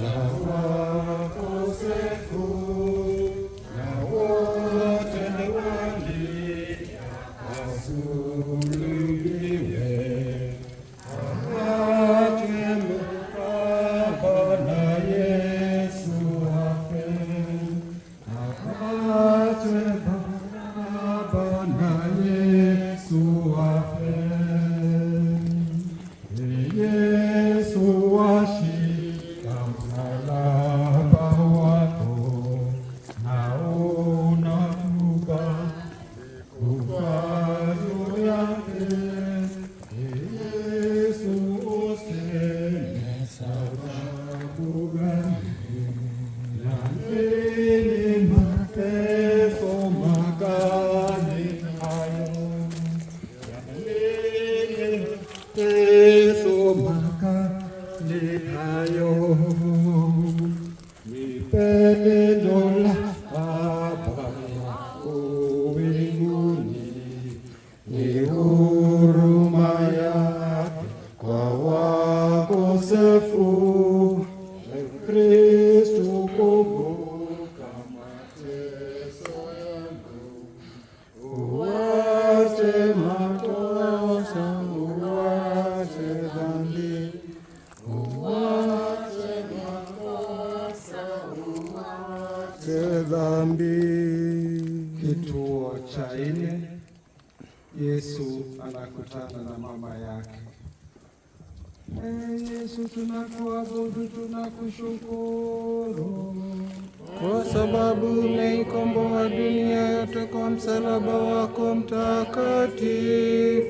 La voix anakutana na mama yake. Ee Yesu, tunakuabudu, tunakushukuru kwa sababu umeikomboa dunia yote kwa msalaba wako mtakatifu.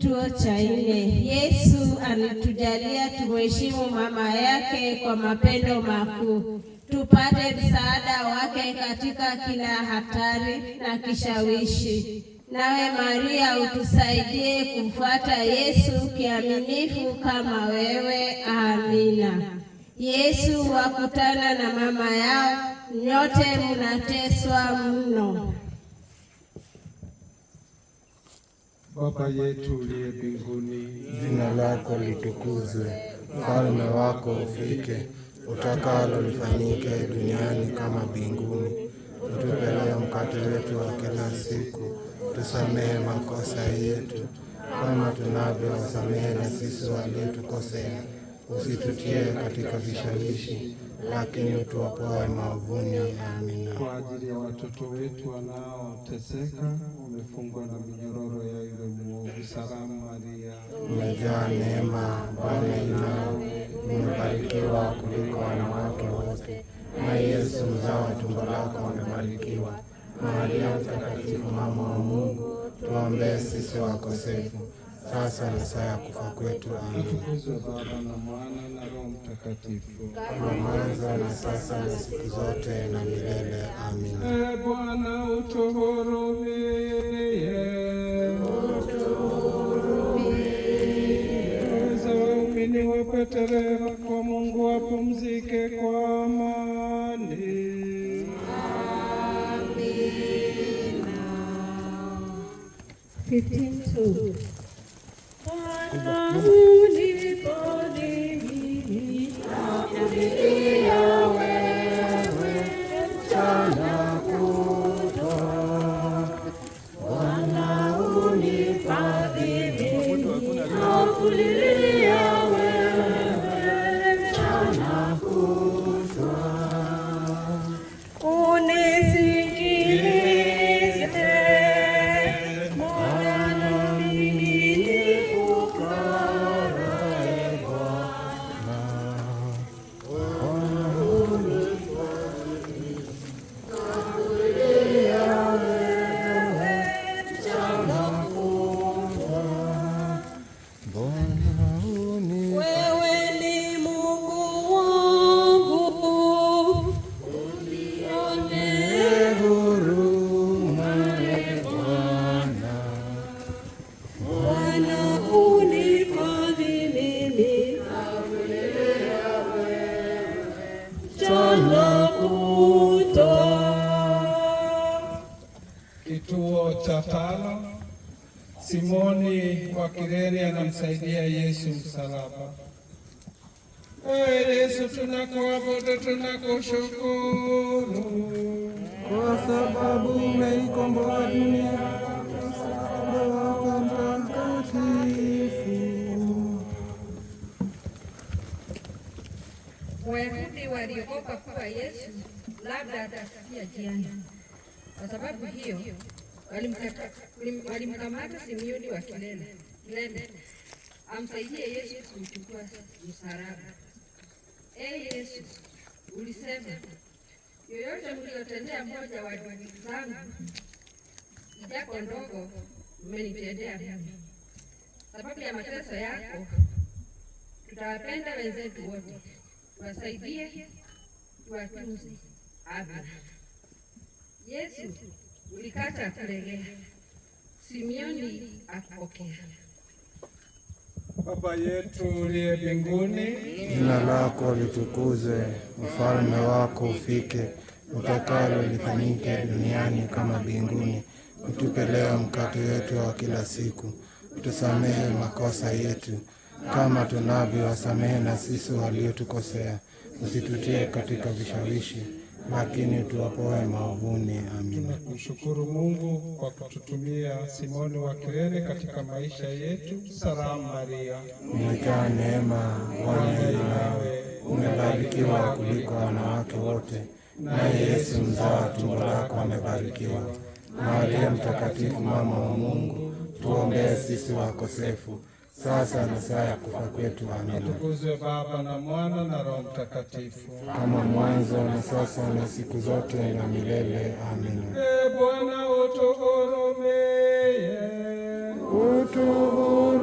Kituo cha nne. Yesu alitujalia tumheshimu mama yake kwa mapendo makuu, tupate msaada wake katika kila hatari na kishawishi. Nawe Maria, utusaidie kumfuata Yesu kiaminifu kama wewe. Amina. Yesu wakutana na mama yao, nyote mnateswa mno. Baba yetu uliye mbinguni, jina lako litukuzwe, ufalme wako ufike, utakalo lifanyike duniani kama mbinguni. Utupe leo mkate wetu wa kila siku, tusamehe makosa yetu kama tunavyowasamehe na sisi waliotukosea, usitutie katika vishawishi, lakini utuopoe maovuni. Amina. Kwa ajili ya watoto wetu wanaoteseka umefungwa na minyororo ya yule mwovu. Salamu Maria, umejaa neema, Bwana yu nawe, umebarikiwa kuliko wanawake wote, na Yesu mzao wa tumbo lako amebarikiwa. Maria Mtakatifu, mama wa Mungu, tuombee sisi wakosefu sasa na saa ya kufa kwetu. Amina. Baba na Mwana na Roho Mtakatifu, kama mwanzo na sasa na siku zote na milele. Amina. Ee Bwana utuhurumie. cha tano, Simoni wa Kireni anamsaidia Yesu msalaba. Ewe Yesu, tunakuabudu, tunakushukuru kwa sababu umeikomboa dunia Wayahudi waliogopa kuwa Yesu labda atasikia jiani, kwa sababu hiyo walimkamata Simioni wa Kilene Kilene amsaidie Yesu kumchukua msalaba. Ee Yesu, ulisema yoyote mliotendea mmoja wa ndugu zangu ijako ndogo mmenitendea mimi. Sababu ya mateso yako tutawapenda wenzetu wote, tuwasaidie, tuwatunze. Amen. Yesu ulikata akulegea, Simioni akupokea. Baba yetu uliye mbinguni, jina lako litukuze ufalme wako ufike, utakalo lifanyike duniani kama mbinguni. Utupe leo mkate wetu wa kila siku, utusamehe makosa yetu kama tunavyowasamehe na sisi waliotukosea, usitutie katika vishawishi lakini tuwapoe maovuni. Amina. Tunamshukuru Mungu kwa kututumia Simoni wa Kirene katika maisha yetu. Salamu Maria, umejaa neema, Bwana yu nawe, umebarikiwa kuliko wanawake wote, naye Yesu mzao wa tumbo lako amebarikiwa. Maria Mtakatifu, mama wa Mungu, tuombee sisi wakosefu sasa na saa ya kufa kwetu. Amina. Tukuzwe Baba na Mwana na Roho Mtakatifu, kama mwanzo na sasa na siku zote na milele. Amina. Ee Bwana utuhurumie, utuhurumie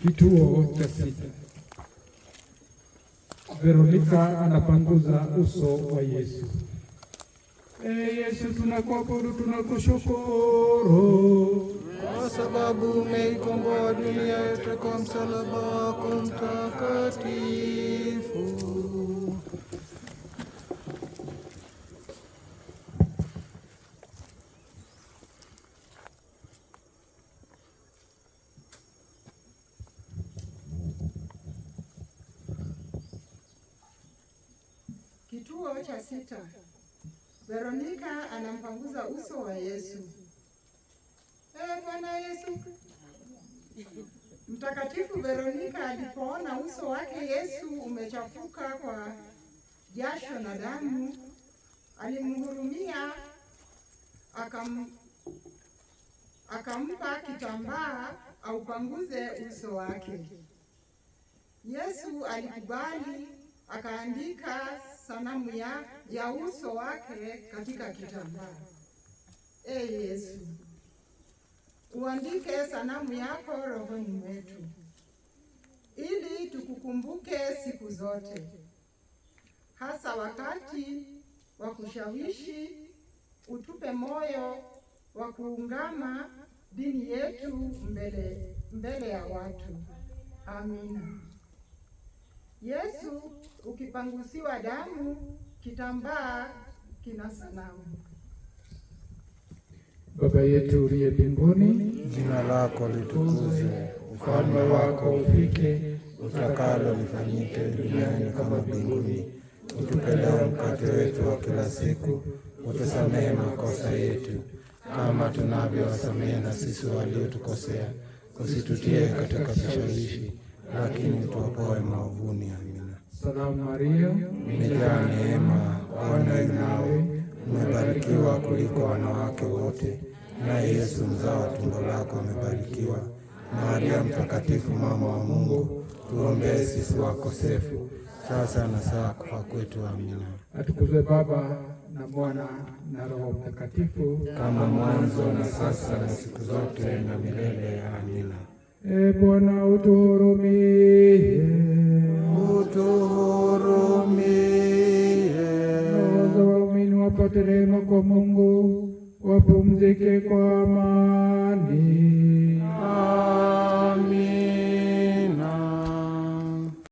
Kituo cha sita. Veronika anapanguza uso wa Yesu. E Yesu, tunakuabudu, tunakushukuru kwa sababu umeikomboa dunia yetu kwa msalaba wako mtakatifu. sita. Veronika anampanguza uso wa Yesu. Ee Bwana Yesu. Mtakatifu Veronika alipoona uso wake Yesu umechafuka kwa jasho na damu, alimhurumia akam, akampa kitambaa aupanguze uso wake. Yesu alikubali akaandika sanamu ya, ya uso wake katika kitambaa. e Yesu, uandike sanamu yako rohoni mwetu ili tukukumbuke siku zote, hasa wakati wa kushawishi utupe moyo wa kuungama dini yetu mbele mbele ya watu. Amina. Yesu, ukipangusiwa damu, kitambaa kina sanamu. Baba yetu uliye mbinguni, jina lako litukuzwe, ufalme wako ufike, utakalo lifanyike duniani kama mbinguni. Utupe leo mkate wetu wa kila siku, utusamehe makosa yetu kama tunavyowasamehe na sisi waliotukosea, usitutie katika kishawishi lakini tuokoe maovuni. Amina. Salamu Maria, umejaa neema, Bwana yu nawe, umebarikiwa kuliko wanawake wote, naye Yesu mzao wa tumbo lako amebarikiwa. Maria Mtakatifu, mama wa Mungu, tuombee sisi wakosefu, sasa na saa kufa kwetu. Amina. Atukuzwe Baba na Mwana na Roho Mtakatifu, kama mwanzo na sasa na siku zote na milele. Amina. E Bwana, utuhurumie, utuhurumie. Nawaza waumini wapate rehema kwa Mungu, wapumzike kwa amani. Amin.